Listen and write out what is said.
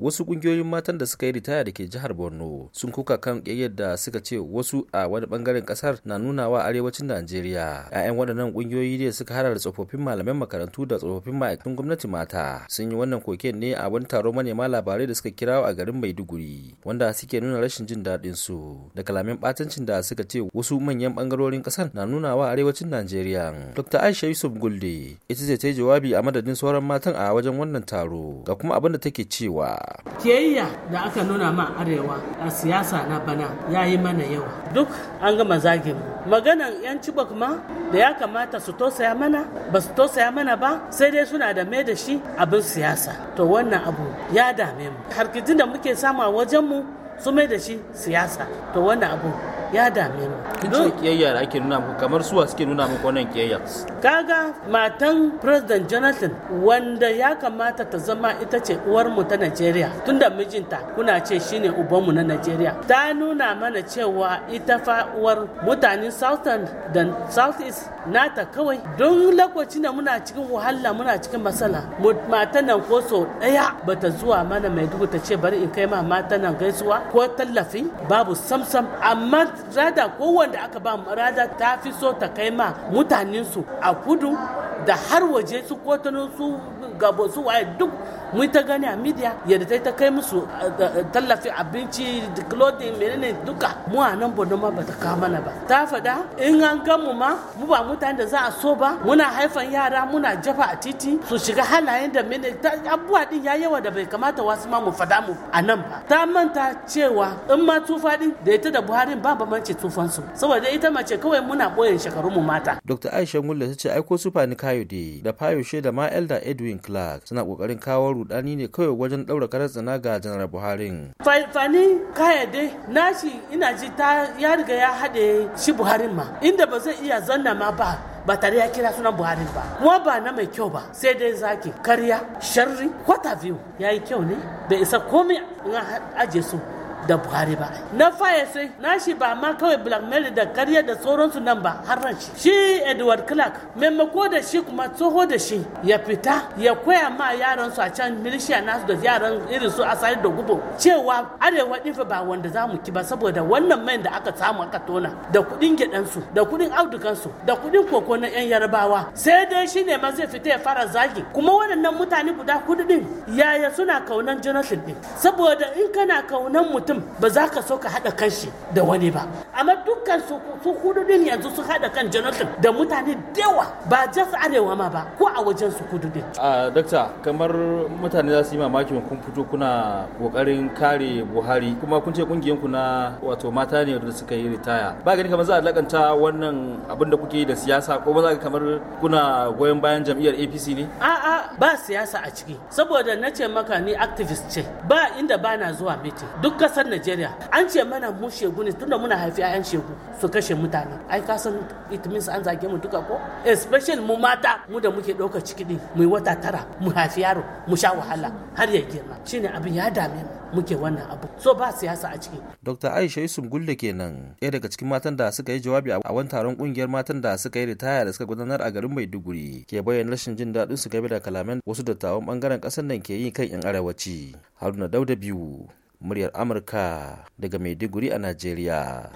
wasu kungiyoyin matan da suka yi ritaya da ke jihar borno sun kuka kan yadda da suka ce wasu a wani bangaren kasar na nuna wa arewacin najeriya 'ya'yan waɗannan kungiyoyi ne suka hara da tsofaffin malaman makarantu da tsofaffin ma'aikatan gwamnati mata sun yi wannan koken ne a wani taron manema labarai da suka kirawo a garin maiduguri wanda suke nuna rashin jin daɗin su da kalamin ɓatancin da suka ce wasu manyan bangarorin kasar na nuna wa arewacin najeriya dr aisha yusuf gulde ita ce ta yi jawabi a madadin sauran matan a wajen wannan taro ga kuma abin da take cewa Kiyayya da aka nuna ma arewa a siyasa na bana ya yi mana yawa. Duk an gama zagin maganan 'yan cibok ma da ya kamata su tosaya mana ba su tosaya mana ba sai dai suna da mai da shi abin siyasa. To wannan abu ya dame mu. Harkijin da muke samu a wajenmu su mai da shi siyasa. To wannan abu ya dame mu kin ce kiyayya da ake nuna muku kamar suwa suke nuna muku wannan kiyayya kaga matan president Jonathan wanda ya kamata ta zama ita ce uwar mu ta Najeriya tunda mijinta kuna ce shine uban mu na Najeriya ta nuna mana cewa ita fa uwar mutanen Southern da Southeast nata kawai don lokacin da muna cikin wahala muna cikin matsala matan nan ko so daya bata zuwa mana mai duku ta ce bari in kai ma matan nan gaisuwa ko tallafi babu samsam amma rada kowanda aka ba rada ta fi so ta kai ma mutanensu a kudu da har waje su kotano su gabo su waye duk mun ta gani a media yadda ta kai musu eh, eh, tallafi abinci clothing menene duka mu a nan bondo ma bata kawo mana ba ta fada in an mu ma mu ba mutane da za a so ba muna haifan yara muna jafa a titi su shiga halayen da mene abubuwa din ya yawa da bai kamata wasu ma mu fada mu a nan ba ta manta cewa in ma tufa din da ita da buhari ba bambanci tufan su saboda ita mace kawai muna boye shekaru mu mata dr aisha mulla ta ce aiko sufa ni kayan Kayode da Fayo da ma Elder Edwin Clark suna kokarin kawo rudani ne kawai wajen daura karar tsana ga Janar Buhari. Fani na nashi ina ji ta ya riga ya hade shi Buhari ma inda ba zai iya zanna ma ba ba tare ya kira sunan buhari ba kuma ba na mai kyau ba sai dai zaki karya sharri kwata biyu ya yi kyau ne bai isa komai in aje su da buhari ba na faye sai na shi ba ma kawai blackmail da karya da sauransu nan ba har ran shi shi edward clark maimako da shi kuma tsoho da shi ya fita ya koya ma yaran su a can milishiya nasu da yaran irin su asali da gubo cewa arewa ɗinfa ba wanda za mu ki ba saboda wannan mai da aka samu aka tona da kuɗin gyadansu da kuɗin audukansu da kudin koko na 'yan yarbawa sai dai shi ne ma zai fita ya fara zagi kuma waɗannan mutane guda kudi ɗin yaya suna kaunan jonathan din saboda in kana kaunan mutum mutum ba za ka so ka haɗa kanshi da wani ba amma dukkan su kudu yanzu su haɗa kan jonathan da mutane dawa ba jas arewa ma ba ko a wajen su hududin a dakta kamar mutane za su yi mamakin kun fito kuna kokarin kare buhari kuma kun ce kungiyan ku na wato mata ne da suka yi ritaya ba gani kamar za a lakanta wannan abin da kuke yi da siyasa ko ba za kamar kuna goyon bayan jam'iyyar apc ne a'a ba siyasa a ciki saboda na ce maka ni activist ce ba inda ba na zuwa meeting duk kasar Najeriya an ce mana mu shegu ne tunda muna haifi ayan shegu su kashe mutane ai ka san it means an zage mu duka ko especially mu mata mu da muke ɗauka ciki din mu yi wata tara mu haifi yaro mu sha wahala har ya girma shine abin ya dame mu muke wannan abu so ba siyasa a ciki Dr. Aisha Yusuf Gulle kenan ɗaya daga cikin matan da suka yi jawabi a wani taron kungiyar matan da suka yi ritaya da suka gudanar a garin Maiduguri ke bayyana rashin jin daɗin su game da kalamai kalamen wasu dattawan bangaren kasar nan ke yi kan yan arewaci haruna dauda biyu muryar amurka daga maiduguri a najeriya